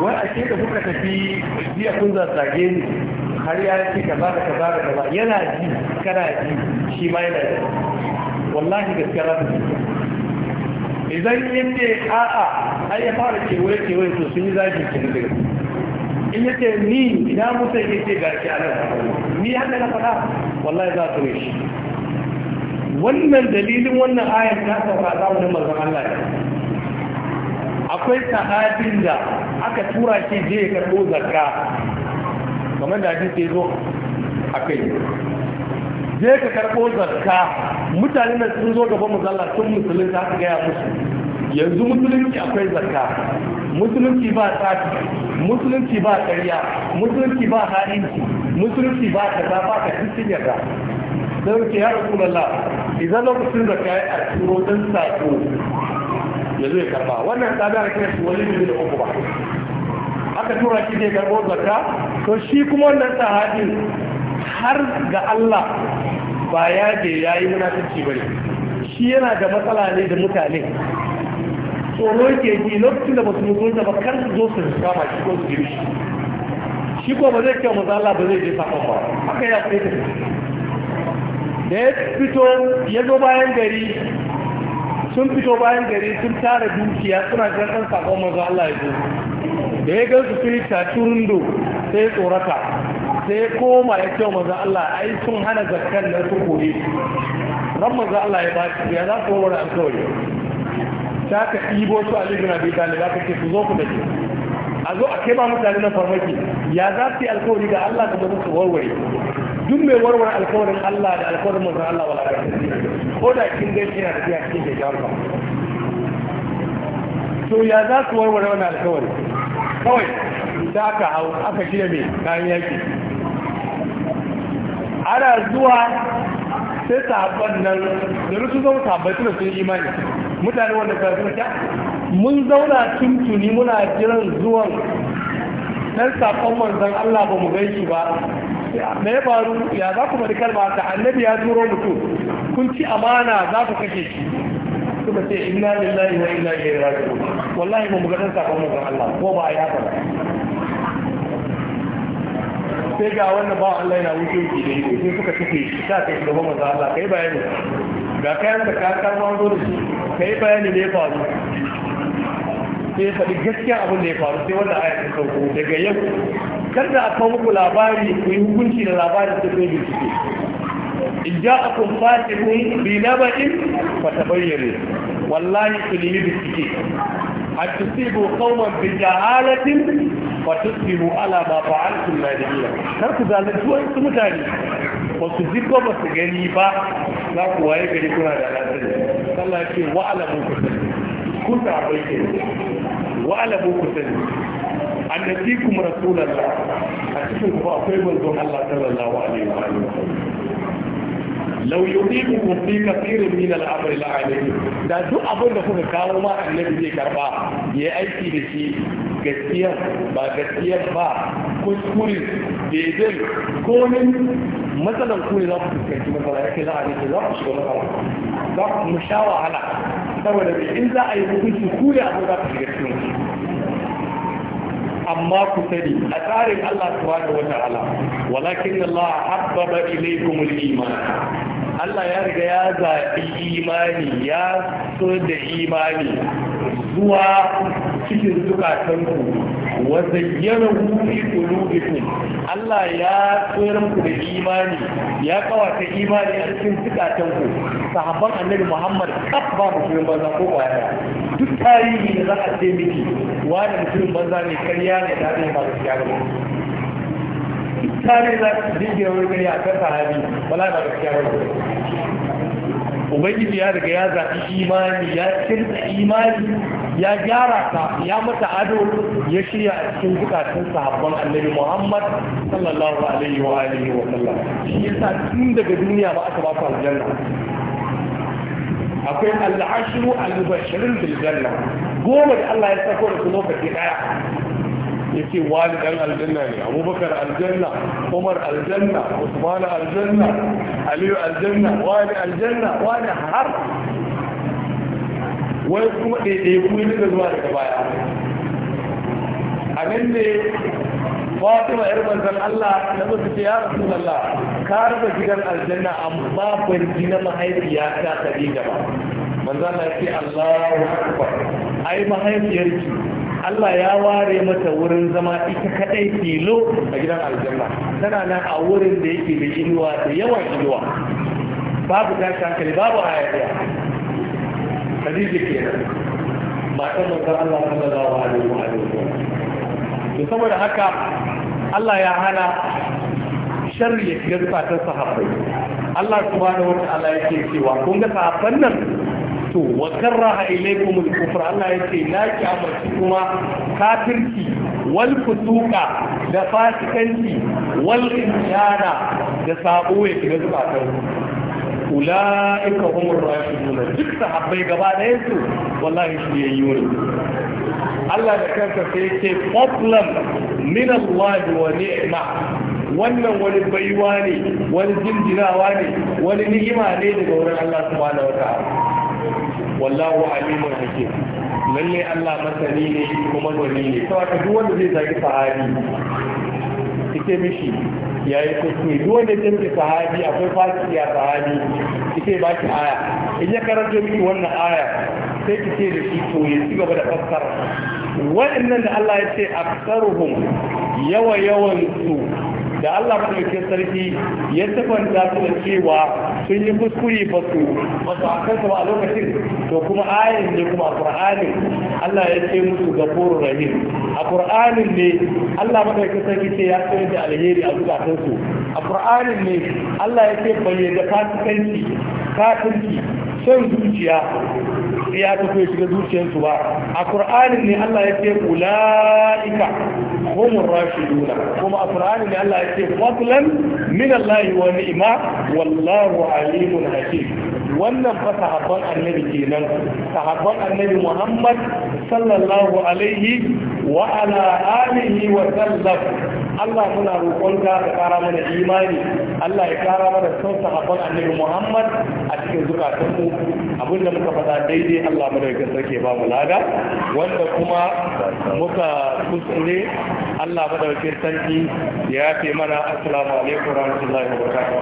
wai a ce da kuka tafi jiya kun zazzage ni har ya ce kaza da kaza da kaza yana ji kana ji shi ma yana ji wallahi gaskiya za ta ce idan yin ce a'a ai ya fara kewaye kewaye to sun yi zafi ke na daga in ya ce ni ina musa ya ce gaske a nan ni hada na faɗa wallahi za su shi wannan dalilin wannan ayar ta sauka zamanin manzon Allah ne akwai sahabin da aka tura shi je ya karɓo zakka kamar da hadisi ya zo a kai je ka karɓo zakka mutane na sun zo gaba mazala sun musulunci aka gaya musu yanzu musulunci akwai zarka musulunci ba tsafi musulunci ba karya musulunci ba halinci musulunci ba kasa ba ka cikin yarda sai ke ya lalla idan lokacin da kai a turo don sako ya zo ya karba wannan tsada na kai wani ne da uku ba aka tura shi ne karbo zarka to shi kuma wannan sahabi har ga Allah ba ya je ya yi munafurci ba ne shi yana da matsala ne da mutane tsoro ke ji lokacin da basu mutunta ba kar su zo su kama shi ko su jiri shi shi ko ba zai kyau maza Allah ba zai je sakon ba haka ya tsaye ta da ya fito ya zo bayan gari sun fito bayan gari sun tara dukiya suna jan ɗan sakon maza Allah ya zo da ya gan su sun yi taturun do sai ya tsorata sai koma ya ce maza Allah ai sun hana zakkan na su, ran maza Allah ya baki ya za su warware alkawari ta ka ɗibo su a libya bai dali za ka ce su zo ku da ke a zo a kai ba mutane na farmaki ya za su yi alkawari ga Allah ka zama su warware duk mai warware alkawarin Allah da alkawarin maza Allah wa ga ko da kin gaishe na tafiya cikin kyakkyawar ba to ya za su warware wani alkawari kawai da aka hau aka shirya mai kayan yaki ana zuwa sai sabon nan da rusu zama sabon suna sun imani mutane wanda ta zuwa ta mun zauna tuntuni muna jiran zuwan dan sakon manzon Allah ba mu shi ba me ya faru ya za ku bari kalma ta annabi ya turo mutum kun ci amana za ku kashe shi suka ce inna lillahi wa inna ilaihi raji'un wallahi ba mu ga dan sakon manzon Allah ko ba ya faru sai ga wannan ba Allah yana wuce shi da ido sai suka tafi shi ta kai gaban manzo Allah kai bayani ga kayan da ka karba zo da shi kai bayani ne faru sai fa faɗi gaskiya abin da ya faru sai wannan ayatu sun ku. daga yau kada a kawo muku labari ku yi hukunci da labarin da zai bincike in ja ja'akum fasiqun bi naba'in fatabayyanu wallahi su nemi bincike an tusibu qauman bi jahalatin wa tusibu ala ma fa'altum nadimin kar ku zalunci wasu mutane ba su ji ko ba su gani ba za ku waye gari kuna da lasiri sallah ce wa alamu ku sani ku ta bai ke wa alamu ku sani annabikum rasulullah a cikin ku akwai manzon Allah sallallahu alaihi wa sallam law yutiqukum fi kathirin min al-amri la'alaykum da duk abin da kuka kawo ma annabi zai karba ya aiki da shi gaskiya ba gaskiya ba kuskure daidai komin matsalar kure za matsala yake za a ne za ku shiga matsala za ku mu sha wahala saboda in za a yi hukunci kure abin za ku amma ku sani a tsarin Allah subhanahu wata ala walakin Allah habbaba ilaykum al-iman Allah ya riga ya zaɓi imani ya so da imani zuwa cikin zukatanku wa zayyanahu fi qulubikum Allah ya tsayar ku da imani ya kawata imani a cikin zukatan ku sahabban annabi Muhammad kaf ba mutumin banza ko kwaya duk tarihi da za a ce miki wani mutumin banza ne karya ne da ne ba gaskiya ba duk tarihi za ka dinga wani karya a kan sahabi wala ba gaskiya ba ubangiji ya riga ya zaɓi imani ya kirta imani ya gyara ta ya mata ado ya shirya a cikin zukatun sahabban annabi muhammad sallallahu alaihi wa alihi wa sallam shi yasa tun daga duniya ba aka ba su aljanna akwai al'ashiru al-bashirin bil janna goma da Allah ya sako da su lokaci daya ya ce wani dan aljanna ne abubakar aljanna umar aljanna usman aljanna aliyu aljanna wani aljanna wani har wai kuma ɗaiɗaya kuma daga zuwa daga baya a nan ne fatima yar manzan Allah na mutu ce ya rasu Allah ka raba gidan aljanna amma ban ji na mahaifiya ta ta gaba manzan Allah ya ce Allah Allahu akbar ai mahaifiyarki Allah ya ware mata wurin zama ita kadai filo a gidan aljanna tana nan a wurin da yake da inuwa da yawan inuwa babu ta shankali babu a yaya ke kenan matan manzon Allah sallallahu alaihi wa alihi to saboda haka Allah ya hana sharri ya shiga zukatan sahabbai Allah subhanahu wa ta'ala yake cewa kun ga sahabban nan to wa karraha ilaykum al-kufra Allah yace la kiyamati kuma kafirki, wal fusuqa da fasikanci wal injana da sabo ya shiga zukatan ulaika humur rashidun duk sahabbai gaba da yansu wallahi shi yi wani. Allah da kansa sai yace fadlan min Allah wa ni'ma wannan wani baiwa ne wani jinjinawa ne wani ni'ima ne daga wurin Allah subhanahu wa ta'ala wallahu alimun hakim lalle Allah masani ne kuma manoni ne saboda duk wanda zai zagi sahabi kike mishi ya yi kuskure duk wanda zai tafi sahabi akwai fasiki ya sahabi kike ba ki aya in ya karanto miki wannan aya sai ki da shi to ya ci gaba da fassara wa'annan da Allah ya ce aksaruhum yawa yawan su da Allah madaukakin sarki ya tabbata su da cewa sun yi kuskure ba su ba su ba a lokacin to kuma ayin ne kuma a Qur'anin Allah ya ce musu gafurur rahim a Qur'anin ne Allah madaukakin sarki ce ya tsare da alheri a zukatan su a Qur'anin ne Allah ya ce bayyana da fasikanci kafinci son zuciya ya tafi shiga zuciyarsu ba a ƙur'anin ne Allah ya ce ula'ika homin rashi nuna kuma a ƙur'anin ne Allah ya ce fadlan min Allah wa ni'ima wallahu alimun hakim wannan fa sahabban annabi kenan sahabban annabi Muhammad sallallahu alaihi wa ala alihi wa sallam Allah muna roƙonka ka ƙara mana imani Allah ya ƙara mana son sahabban annabi Muhammad a cikin zukatanmu abin da muka faɗa daidai Allah madaukakin sarki ba mu lada wanda kuma muka kuskure Allah madaukakin sarki ya fi mana assalamu alaikum warahmatullahi wabarakatuh